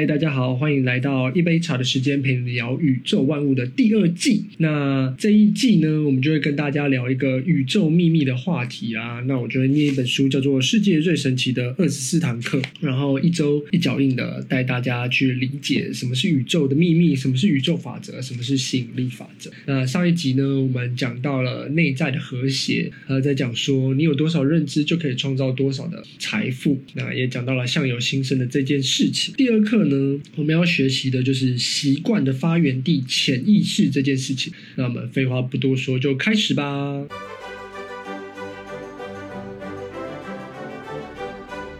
嗨，大家好，歡迎來到一杯茶的時間，陪你聊宇宙萬物的第二季。那這一季呢，我們就會跟大家聊一個宇宙秘密的話題啊。那我就會念一本書，叫做《世界最神奇的二十四堂課》，然後一周一腳印的帶大家去理解什麼是宇宙的秘密，什麼是宇宙法則，什麼是吸引力法則。那上一集呢，我們講到了內在的和諧，呃，在講說你有多少認知就可以創造多少的財富。那也講到了相由心生的這件事情。第二課呢。呢，我們要學習的就是習慣的發源地——潛意識這件事情。那麼廢話不多說，就開始吧。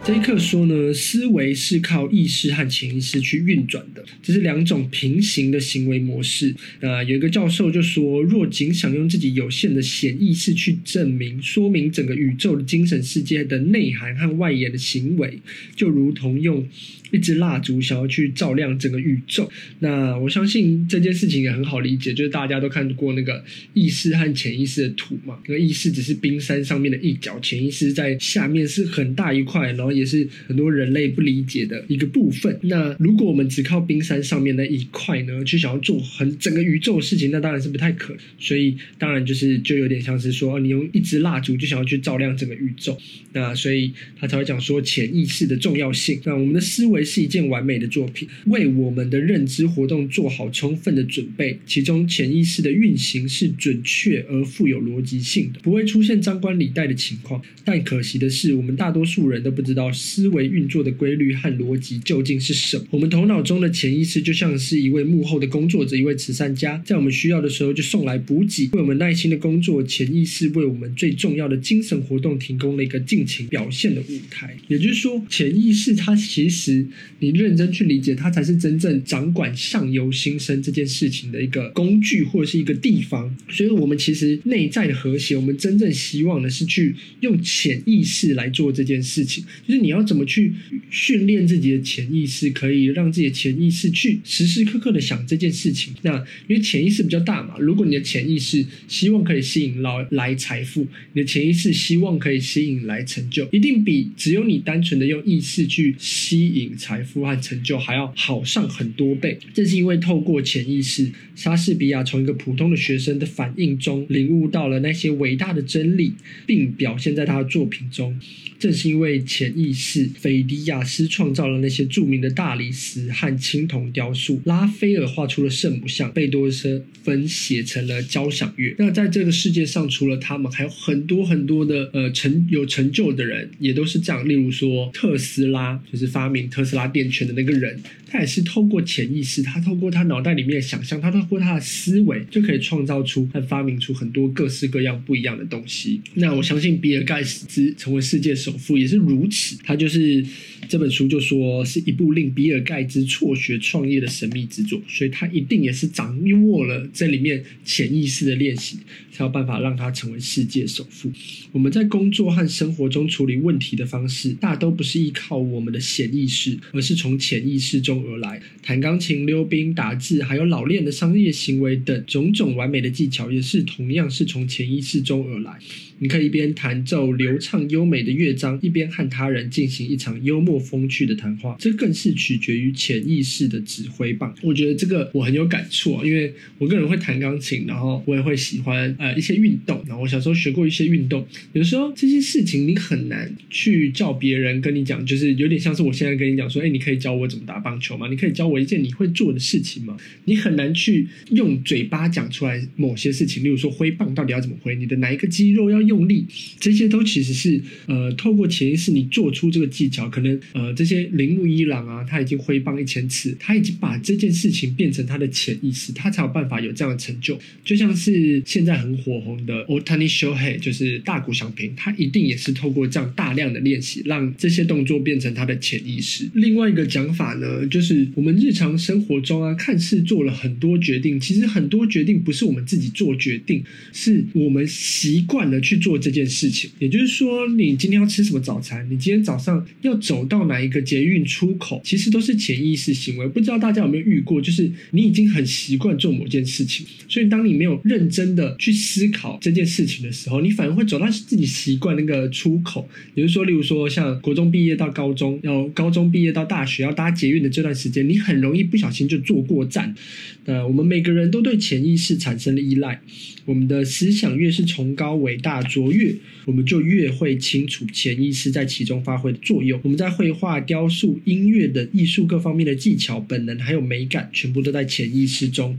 這一課說呢，思維是靠意識和潛意識去運轉的，這是兩種平行的行為模式。那有一個教授就說，若僅想用自己有限的潛意識去證明、說明整個宇宙的精神世界的內涵和外延的行為，就如同用。一支蠟燭想要去照亮整個宇宙，那我相信這件事情也很好理解，就是大家都看過那個意識和潛意識的圖嘛，那意識只是冰山上面的一角，潛意識在下面是很大一塊，然後也是很多人類不理解的一個部分。那如果我們只靠冰山上面那一塊呢，去想要做很整個宇宙的事情，那當然是不太可能。所以當然就是就有點像是說，你用一支蠟燭就想要去照亮整個宇宙，那所以他才會講說潛意識的重要性，那我們的思維，是一件完美的作品，為我們的認知活動做好充分的準備。其中潛意識的運行是準確而富有邏輯性的，不會出現張冠李戴的情況。但可惜的是，我們大多數人都不知道思維運作的規律和邏輯究竟是什麼。我們頭腦中的潛意識就像是一位幕後的工作者，一位慈善家，在我們需要的時候就送來補給，為我們耐心的工作。潛意識為我們最重要的精神活動提供了一個盡情表現的舞台。也就是說，潛意識它其實。你認真去理解它，才是真正掌管相由心生這件事情的一個工具或者是一個地方。所以，我們其實內在的和諧，我們真正希望的是去用潛意識來做這件事情。就是你要怎麼去訓練自己的潛意識，可以讓自己的潛意識去時時刻刻的想這件事情。那因為潛意識比較大嘛，如果你的潛意識希望可以吸引老來財富，你的潛意識希望可以吸引來成就，一定比只有你單純的用意識去吸引。財富和成就還要好上很多倍，正是因為透過潛意識，莎士比亞從一個普通的學生的反應中領悟到了那些偉大的真理，並表現在他的作品中。正是因為潛意識，菲迪亞斯創造了那些著名的大理石和青銅雕塑，拉斐爾畫出了聖母像，貝多芬寫成了交響樂。那在這個世界上，除了他們，還有很多很多的呃成有成就的人，也都是這樣。例如說，特斯拉就是發明特斯拉電圈的那個人，他也是透過潛意識，他透過他腦袋裡面的想象，他透過他的思維，就可以創造出和發明出很多各式各樣不一樣的東西。那我相信，比爾蓋茨，茨成為世界首。首富也是如此，他就是這本書就說是一部令比爾蓋茨輟學創業的神秘之作，所以他一定也是掌握了這裡面潛意識的練習，才有辦法讓他成為世界首富。我們在工作和生活中處理問題的方式，大都不是依靠我們的顯意識，而是從潛意識中而來。彈鋼琴、溜冰、打字，還有老練的商業行為等種種完美的技巧，也是同樣是從潛意識中而來。你可以一邊彈奏流暢優美的樂章，一邊和他人進行一場幽默風趣的談話，這更是取決於潛意識的指揮棒。我覺得這個我很有感觸啊，因為我個人會彈鋼琴，然後我也會喜歡呃一些運動，然後我小時候學過一些運動。有時候這些事情，你很難去叫別人跟你講，就是有點像是我現在跟你講說，哎，你可以教我怎麼打棒球嗎？你可以教我一件你會做的事情嗎？你很難去用嘴巴講出來某些事情，例如說揮棒到底要怎麼揮，你的哪一個肌肉要？用力，這些都其實是呃，透過潛意識，你做出這個技巧，可能呃，這些鈴木一朗啊，他已經揮棒一千次，他已經把這件事情變成他的潛意識，他才有辦法有這樣的成就。就像是現在很火紅的 Otani Shohei，就是大谷翔平，他一定也是透過這樣大量的練習，讓這些動作變成他的潛意識。另外一個講法呢，就是我們日常生活中啊，看似做了很多決定，其實很多決定不是我們自己做決定，是我們習慣了去。做這件事情，也就是說，你今天要吃什麼早餐？你今天早上要走到哪一個捷運出口？其實都是潛意識行為。不知道大家有沒有遇過，就是你已經很習慣做某件事情，所以當你沒有認真的去思考這件事情的時候，你反而會走到自己習慣那個出口。比如說，例如說，像國中畢業到高中，然後高中畢業到大學要搭捷運的這段時間，你很容易不小心就坐過站。呃，我們每個人都對潛意識產生了依賴，我們的思想越是崇高偉大，卓越，我們就越會清楚潛意識在其中發揮的作用。我們在繪畫、雕塑、音樂的藝術各方面的技巧、本能還有美感，全部都在潛意識中。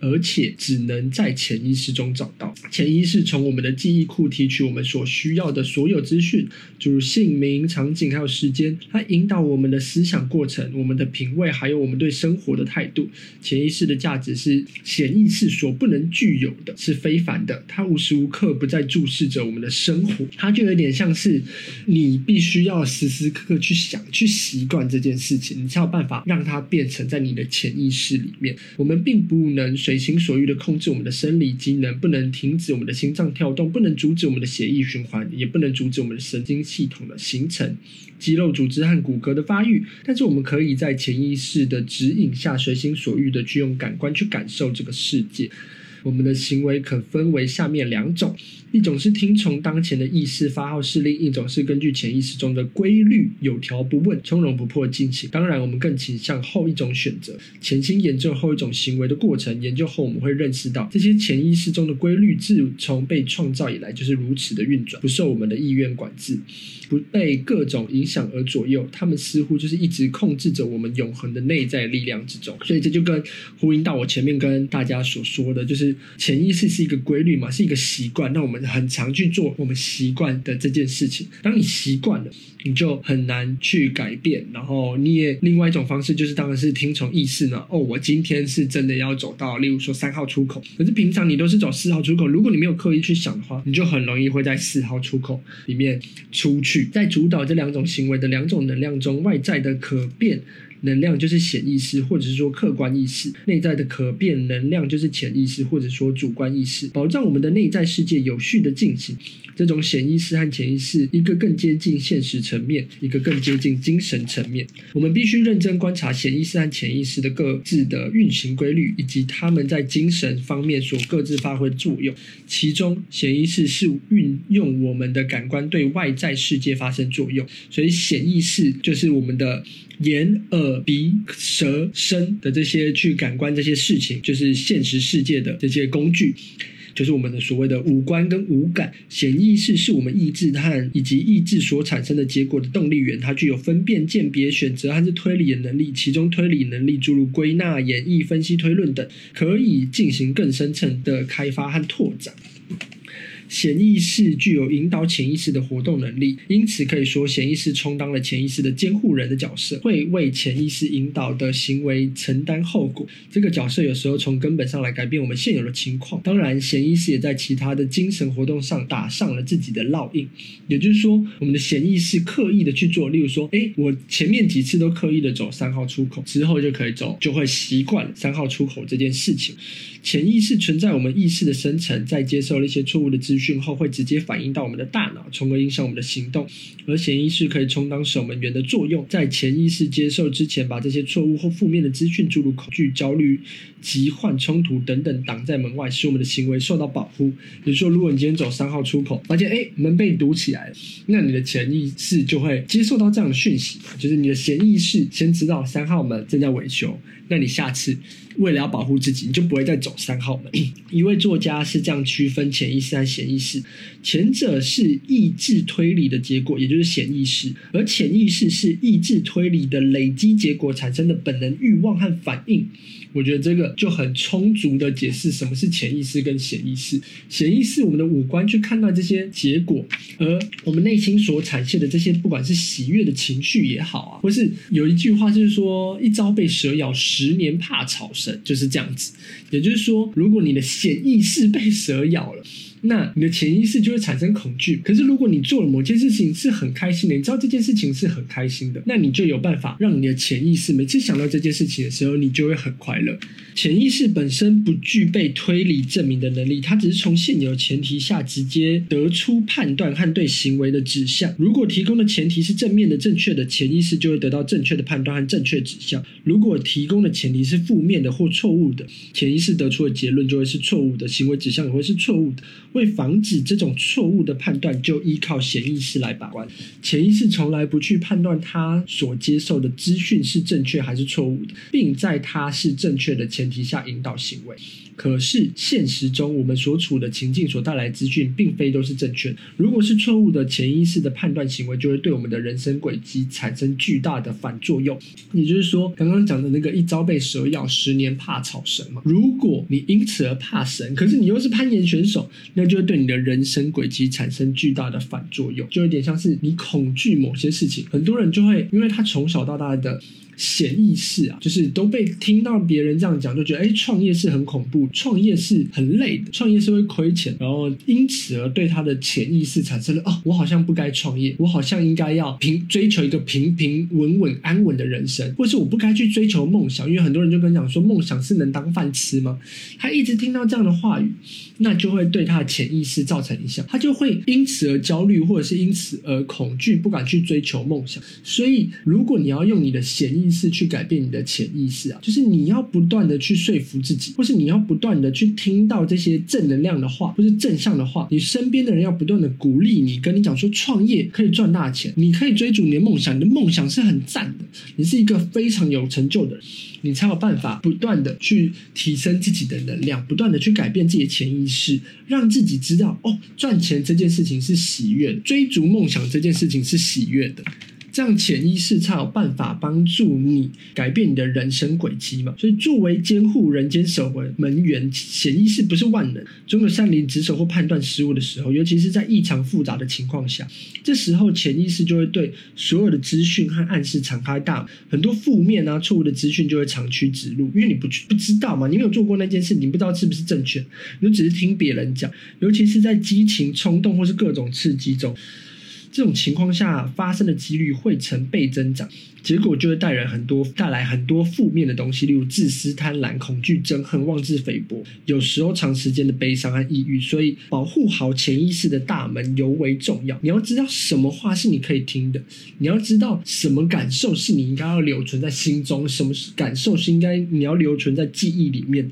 而且只能在潛意識中找到。潛意識從我們的記憶庫提取我們所需要的所有資訊，就如姓名、場景還有時間。它引導我們的思想過程、我們的品味，還有我們對生活的態度。潛意識的價值是潛意識所不能具有的，是非凡的。它無時無刻不在注視着我們的生活。它就有點像是，你必須要時時刻刻去想、去習慣這件事情，你才有辦法讓它變成在你的潛意識裡面。我們並不能。隨心所欲的控制我們的生理機能，不能停止我們的心臟跳動，不能阻止我們的血液循環，也不能阻止我們的神經系統的形成、肌肉組織和骨骼的發育。但是，我們可以在潛意識的指引下，隨心所欲的去用感官去感受這個世界。我們的行為可分為下面兩種。一種是聽從當前的意識發號施令，一種是根據潛意識中的規律有條不紊、從容不迫的進行。當然，我們更傾向後一種選擇。潛心研究後一種行為的過程，研究後我們會認識到，這些潛意識中的規律自從被創造以來就是如此的運轉，不受我們的意願管制，不被各種影響而左右。他們似乎就是一直控制着我們永恆的內在的力量之中。所以這就跟呼應到我前面跟大家所說的就是潛意識是一個規律嘛，是一個習慣。那我們。很常去做我們習慣的這件事情。當你習慣了，你就很難去改變。然後，你也另外一種方式就是，當然是聽從意識呢。哦，我今天是真的要走到，例如說三號出口。可是平常你都是走四號出口。如果你沒有刻意去想的話，你就很容易會在四號出口裡面出去。在主導這兩種行為的兩種能量中，外在的可變能量就是顯意識，或者是說客觀意識。內在的可變能量就是潛意識，或者說主觀意識，保障我們的內在世界有序的進行。這種顯意識和潛意識，一個更接近現實層面，一個更接近精神層面。我們必須認真觀察顯意識和潛意識的各自的運行規律，以及他們在精神方面所各自發揮作用。其中，顯意識是運用我們的感官對外在世界發生作用，所以顯意識就是我們的。眼、耳、鼻、舌、身的這些去感官這些事情，就是現實世界的這些工具，就是我們的所謂的五官跟五感。顯意識是我們意志和以及意志所產生的結果的動力源，它具有分辨、鑑別、選擇和推理的能力，其中推理能力諸如歸納、演繹、分析、推論等，可以進行更深層的開發和拓展。顯意識具有引導潛意識的活動能力，因此可以說，顯意識充當了潛意識的監護人的角色，會為潛意識引導的行為承擔後果。這個角色有時候從根本上來改變我們現有的情況。當然，顯意識也在其他的精神活動上打上了自己的烙印，也就是說，我們的顯意識刻意的去做，例如說，誒，我前面幾次都刻意的走三號出口，之後就可以走，就會習慣三號出口這件事情。潛意識存在我們意識的深層，在接受了一些錯誤的資訊後，會直接反映到我們的大腦，從而影響我們的行動。而潛意識可以充當守門員的作用，在潛意識接受之前，把這些錯誤或負面的資訊諸如恐懼、焦慮、疾患、衝突等等，擋在門外，使我們的行為受到保護。比如說，如果你今天走三號出口，發現哎，門被堵起來了，那你的潛意識就會接受到這樣的訊息，就是你的潛意識先知道三號門正在維修，那你下次。為了要保護自己，你就不會再走三號門。 一位作家是這樣區分潛意識和顯意識：前者是意志推理的結果，也就是顯意識；而潛意識是意志推理的累積結果產生的本能欲望和反應。我覺得這個就很充足的解釋什麼是潛意識跟顯意識。顯意識，我們的五官去看到這些結果，而我們內心所產生的這些，不管是喜悅的情緒也好啊，或是有一句話就是說：一朝被蛇咬，十年怕草繩。就是這樣子，也就是說，如果你的潛意識被蛇咬了。那你的潛意識就會產生恐懼。可是如果你做了某件事情是很開心的，你知道這件事情是很開心的，那你就有辦法讓你的潛意識每次想到這件事情的時候，你就會很快樂。潛意識本身不具備推理證明的能力，它只是從現有的前提下直接得出判斷和對行為的指向。如果提供的前提是正面的、正確的，潛意識就會得到正確的判斷和正確指向。如果提供的前提是負面的或錯誤的，潛意識得出的結論就會是錯誤的，行為指向也會是錯誤的。為防止這種錯誤的判斷，就依靠潛意識來把關。潛意識從來不去判斷他所接受的資訊是正確還是錯誤的，並在他是正確的前提下引導行為。可是現實中，我們所處的情境所帶來資訊並非都是正確。如果是錯誤的，潛意識的判斷行為就會對我們的人生軌跡產生巨大的反作用。也就是說，剛剛講的那個“一朝被蛇咬，十年怕草繩”嘛。如果你因此而怕繩，可是你又是攀岩選手。那就會對你的人生軌跡產生巨大的反作用，就有點像是你恐懼某些事情，很多人就會因為他從小到大的潛意識啊，就是都被聽到別人這樣講，就覺得哎，創業是很恐怖，創業是很累的，創業是會虧錢，然後因此而對他的潛意識產生了哦，我好像不該創業，我好像應該要平追求一個平平穩穩安穩的人生，或是我不該去追求夢想，因為很多人就跟你講說夢想是能當飯吃嗎？他一直聽到這樣的話語，那就會對他的潛意識造成影響，他就會因此而焦慮，或者是因此而恐懼，不敢去追求夢想。所以如果你要用你的潛意，是去改變你的潛意識啊，就是你要不斷的去說服自己，或是你要不斷的去聽到這些正能量的話，或是正向的話。你身邊的人要不斷的鼓勵你，跟你講說創業可以賺大錢，你可以追逐你的夢想，你的夢想是很讚的，你是一個非常有成就的人，你才有辦法不斷的去提升自己的能量，不斷的去改變自己的潛意識，讓自己知道哦，賺錢這件事情是喜悅，追逐夢想這件事情是喜悅的。這樣潛意識才有辦法幫助你改變你的人生軌跡嘛。所以作為監護人兼守門員，潛意識不是萬能，總有擅離職守或判斷失誤的時候，尤其是在異常複雜的情況下，這時候潛意識就會對所有的資訊和暗示敞開大門，很多負面啊、錯誤的資訊就會長驅直入，因為你不不知道嘛，你沒有做過那件事，你不知道是不是正確，你就只是聽別人講，尤其是在激情、衝動或是各種刺激中。這種情況下發生的幾率會成倍增長，結果就會帶人很多帶來很多負面的東西，例如自私、貪婪、恐懼、憎恨、妄自菲薄，有時候長時間的悲傷和抑鬱。所以，保護好潛意識的大門尤為重要。你要知道什麼話是你可以聽的，你要知道什麼感受是你應該要留存在心中，什麼感受是應該你要留存在記憶裡面。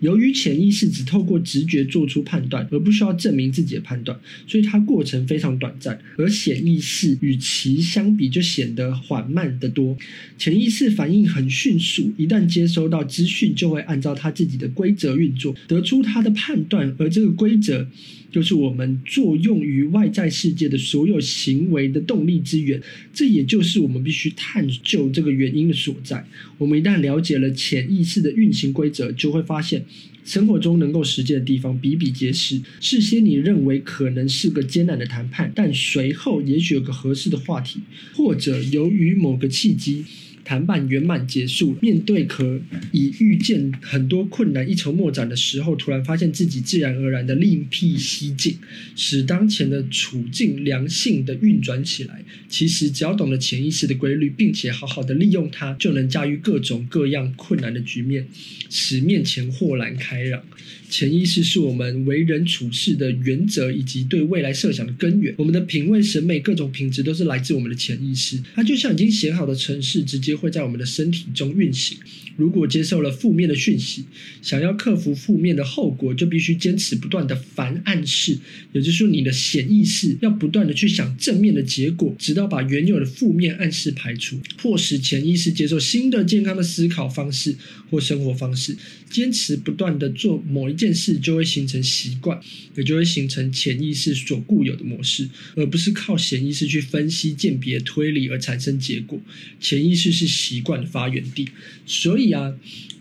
由於潛意識只透過直覺做出判斷，而不需要證明自己的判斷，所以它過程非常短暫。而顯意識與其相比就顯得緩慢得多。潛意識反應很迅速，一旦接收到資訊，就會按照它自己的規則運作，得出它的判斷。而這個規則，就是我們作用於外在世界的所有行為的動力之源。這也就是我們必須探究這個原因的所在。我們一旦了解了潛意識的運行規則，就會發現。生活中能夠實踐的地方比比皆是。事先你認為可能是個艱難的談判，但隨後也許有個合適的話題，或者由於某個契機。談判圓滿結束，面對可以預見很多困難、一籌莫展的時候，突然發現自己自然而然的另闢蹊徑，使當前的處境良性的運轉起來。其實只要懂得潛意識的規律，並且好好的利用它，就能駕馭各種各樣困難的局面，使面前豁然開朗。潛意識是我們為人處事的原則以及對未來設想的根源。我們的品味、審美、各種品質都是來自我們的潛意識。它就像已經寫好的程式之間。會在我們的身體中運行。如果接受了負面的訊息，想要克服負面的後果，就必須堅持不斷的反暗示。也就是說，你的潛意識要不斷的去想正面的結果，直到把原有的負面暗示排除，迫使潛意識接受新的健康的思考方式或生活方式。堅持不斷的做某一件事，就會形成習慣，也就會形成潛意識所固有的模式，而不是靠潛意識去分析、鑑別、推理而產生結果。潛意識是是習慣的發源地，所以啊，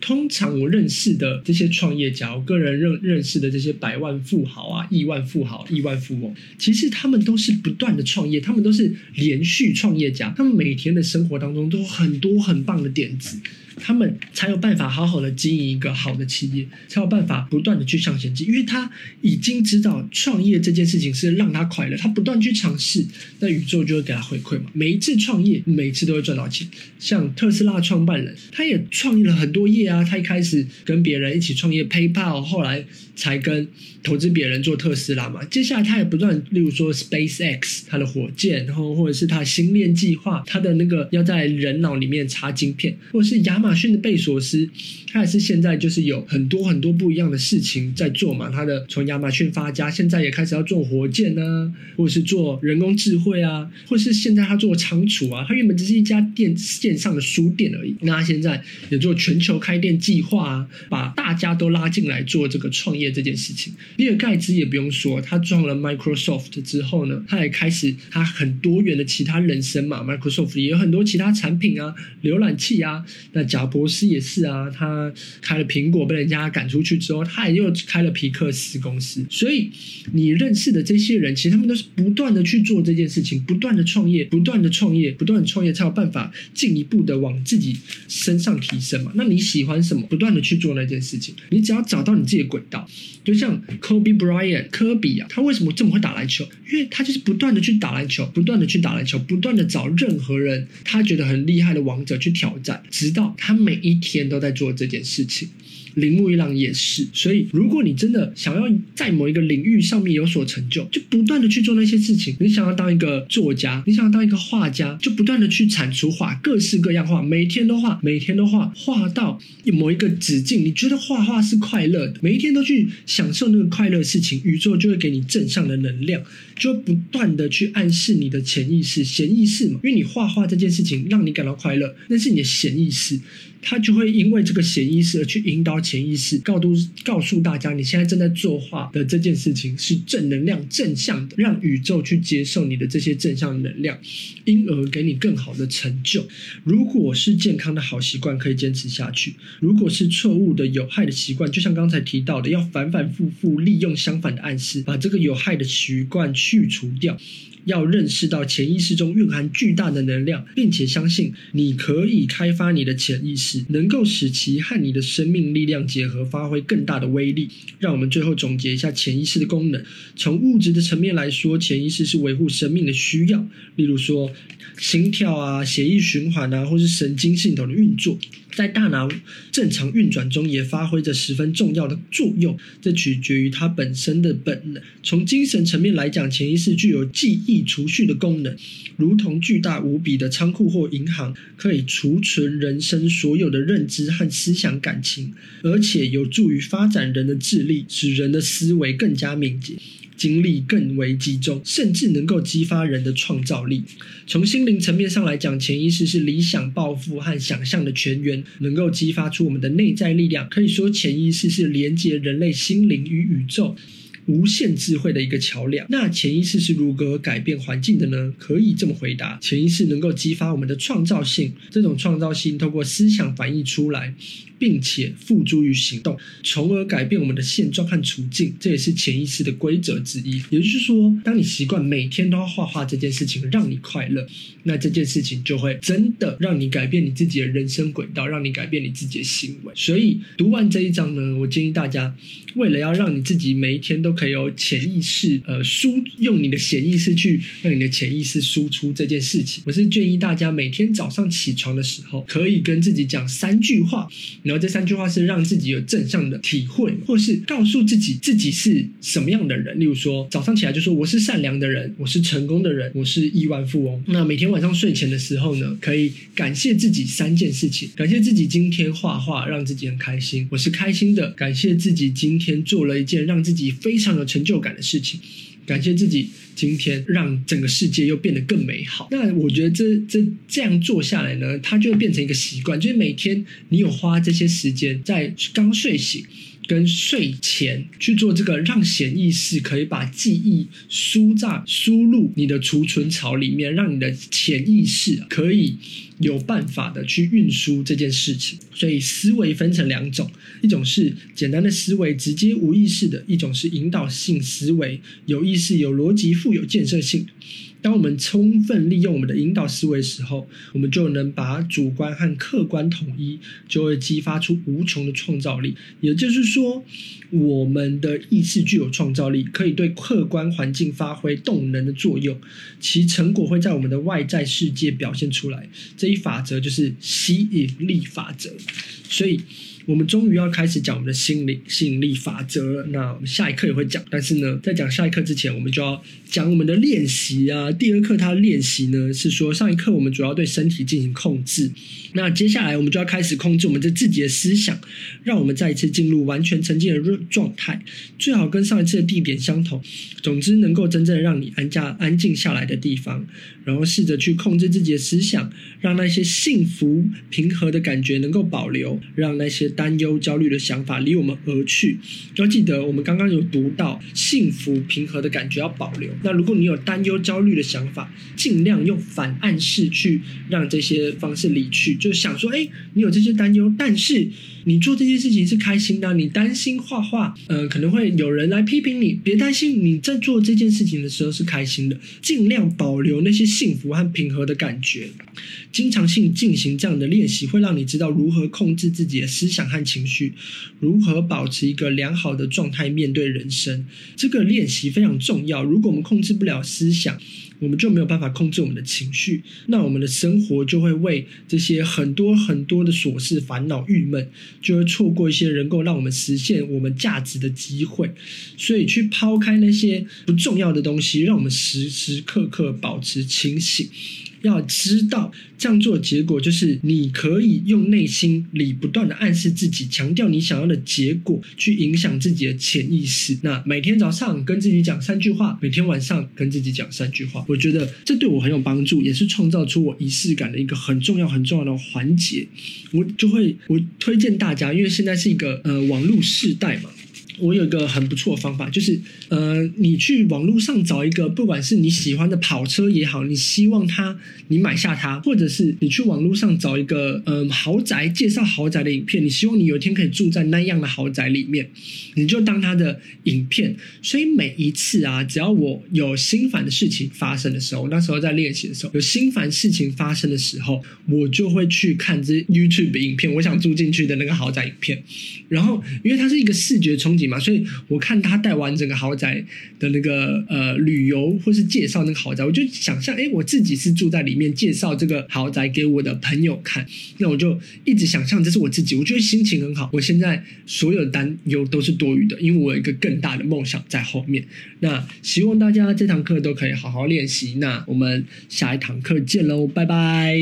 通常我認識的這些創業家，我個人認認識的這些百萬富豪啊、億萬富豪、億萬富翁，其實他們都是不斷的創業，他們都是連續創業家，他們每天的生活當中都有很多很棒的點子。他們才有辦法好好的經營一個好的企業，才有辦法不斷的去向前進，因為他已經知道創業這件事情是讓他快樂，他不斷去嘗試，那宇宙就會給他回饋嘛。每一次創業，每一次都會賺到錢。像特斯拉創辦人，他也創業了很多業啊，他一開始跟別人一起創業 PayPal，後來才跟投資別人做特斯拉嘛。接下來他也不斷，例如說 SpaceX 他的火箭，然後或者是他的星鏈計劃，他的那個要在人腦裡面插晶片，或者是亞馬。亞馬遜的貝索斯。他也是現在就是有很多很多不一樣的事情在做嘛。他的從亞馬遜發家，現在也開始要做火箭呢、啊，或者是做人工智慧啊，或是現在他做倉儲啊。他原本只是一家店，線上的書店而已，那他現在也做全球開店計劃啊，把大家都拉進來做這個創業這件事情。比爾蓋茨也不用說，他撞了 Microsoft 之後呢，他也開始他很多元的其他人生嘛。Microsoft 也有很多其他產品啊，瀏覽器啊。那賈伯斯也是啊，他。開了蘋果被人家趕出去之後，他也又開了皮克斯公司。所以你認識的這些人，其實他們都是不斷的去做這件事情，不斷的創業，不斷的創業，不斷的創業，才有辦法進一步的往自己身上提升嘛。那你喜歡什麼，不斷的去做那件事情。你只要找到你自己的軌道，就像 Kobe Bryant 科比啊，他為什麼這麼會打籃球？因為他就是不斷的去打籃球，不斷的去打籃球，不斷的找任何人他覺得很厲害的王者去挑戰，直到他每一天都在做這。這件事情，鈴木一郎也是。所以，如果你真的想要在某一個領域上面有所成就，就不斷的去做那些事情。你想要當一個作家，你想要當一個畫家，就不斷的去產出畫，各式各樣畫，每天都畫，每天都畫，畫到某一個止境。你覺得畫畫是快樂的，每一天都去享受那個快樂事情，宇宙就會給你正向的能量，就會不斷的去暗示你的潛意識、潛意識嘛。因為你畫畫這件事情讓你感到快樂，那是你的潛意識。他就會因為這個潛意識而去引導潛意識，告訴告訴大家，你現在正在作畫的這件事情是正能量、正向的，讓宇宙去接受你的這些正向能量，因而給你更好的成就。如果是健康的好習慣，可以堅持下去；如果是錯誤的有害的習慣，就像剛才提到的，要反反复覆利用相反的暗示，把這個有害的習慣去除掉。要認識到潛意識中蘊含巨大的能量，並且相信你可以開發你的潛意識，能夠使其和你的生命力量結合，發揮更大的威力。讓我們最後總結一下潛意識的功能：從物質的層面來說，潛意識是維護生命的需要，例如說心跳啊、血液循環啊，或是神經系統的運作，在大腦正常運轉中也發揮着十分重要的作用。這取決於它本身的本能。從精神層面來講，潛意識具有記憶。儲蓄的功能，如同巨大無比的倉庫或銀行，可以儲存人生所有的認知和思想感情，而且有助於發展人的智力，使人的思維更加敏捷，精力更為集中，甚至能夠激發人的創造力。從心靈層面上來講，潛意識是理想、抱負和想象的泉源，能夠激發出我們的內在力量。可以說，潛意識是連接人類心靈與宇宙。無限智慧的一個橋樑。那潛意識是如何改變環境的呢？可以這麼回答：潛意識能夠激發我們的創造性，這種創造性通過思想反映出來，並且付諸於行動，從而改變我們的現狀和處境。這也是潛意識的規則之一。也就是說，當你習慣每天都要畫畫這件事情讓你快樂，那這件事情就會真的讓你改變你自己的人生軌道，讓你改變你自己的行為。所以讀完這一章呢，我建議大家，為了要讓你自己每一天都。都可以有潛意識，呃，輸用你的潛意識去讓你的潛意識輸出這件事情。我是建議大家每天早上起床的時候，可以跟自己講三句話，然後這三句話是讓自己有正向的體會，或是告訴自己自己是什麼樣的人。例如說，早上起來就說我是善良的人，我是成功的人，我是億萬富翁。那每天晚上睡前的時候呢，可以感謝自己三件事情：感謝自己今天畫畫讓自己很開心，我是開心的；感謝自己今天做了一件讓自己非。非常有成就感的事情，感謝自己今天讓整個世界又變得更美好。那我覺得這這這樣做下來呢，它就會變成一個習慣，就是每天你有花這些時間在剛睡醒跟睡前去做這個，讓潛意識可以把記憶輸在輸入你的儲存槽裡面，讓你的潛意識可以。有辦法的去運輸這件事情，所以思維分成兩種，一種是簡單的思維，直接無意識的；一種是引導性思維，有意識、有邏輯、富有建設性。當我們充分利用我們的引導思維的時候，我們就能把主觀和客觀統一，就會激發出無窮的創造力。也就是說，我們的意識具有創造力，可以對客觀環境發揮動能的作用，其成果會在我們的外在世界表現出來。這一法則就是吸引力法則，所以，我們終於要開始講我們的心理吸引力法則了。那我們下一課也會講，但是呢，在講下一課之前，我們就要講我們的練習啊。第二課它的練習呢是說，上一課我們主要對身體進行控制，那接下來我們就要開始控制我們的自己的思想，讓我們再一次進入完全沉浸的狀態，最好跟上一次的地點相同。總之，能夠真正讓你安家安靜下來的地方，然後試着去控制自己的思想，讓那些幸福平和的感覺能夠保留，讓那些。擔憂、焦慮的想法離我們而去。就要記得，我們剛剛有讀到幸福、平和的感覺要保留。那如果你有擔憂、焦慮的想法，儘量用反暗示去讓這些方式離去。就想說，哎，你有這些擔憂，但是。你做這件事情是開心的，你擔心畫畫，呃，可能會有人來批評你。別擔心，你在做這件事情的時候是開心的，盡量保留那些幸福和平和的感覺。經常性進行這樣的練習，會讓你知道如何控制自己的思想和情緒，如何保持一個良好的狀態面對人生。這個練習非常重要，如果我們控制不了思想，我們就沒有辦法控制我們的情緒，那我們的生活就會為這些很多很多的瑣事煩惱、鬱悶，就會錯過一些能夠讓我們實現我們價值的機會。所以，去拋開那些不重要的東西，讓我們時時刻刻保持清醒。要知道這樣做的結果就是，你可以用內心裡不斷的暗示自己，強調你想要的結果，去影響自己的潛意識。那每天早上跟自己講三句話，每天晚上跟自己講三句話，我覺得這對我很有幫助，也是創造出我儀式感的一個很重要很重要的環節。我就會，我推薦大家，因為現在是一個呃網絡世代嘛。我有一個很不錯的方法，就是呃，你去網絡上找一個，不管是你喜歡的跑車也好，你希望它、你買下它，或者是你去網絡上找一個呃豪宅，介紹豪宅的影片，你希望你有一天可以住在那樣的豪宅裡面，你就當它的影片。所以每一次啊，只要我有心煩的事情發生的時候，那時候在練習的時候，有心煩事情發生的時候，我就會去看這 YouTube 的影片，我想住進去的那個豪宅影片，然後因為它是一個視覺衝擊。所以我看他帶完整個豪宅的那個呃旅遊或是介紹那個豪宅，我就想象，誒、欸、我自己是住在裡面，介紹這個豪宅給我的朋友看，那我就一直想象這是我自己，我覺得心情很好，我現在所有擔憂都是多餘的，因為我有一個更大的夢想在後面。那希望大家這堂課都可以好好練習，那我們下一堂課見嘍，拜拜。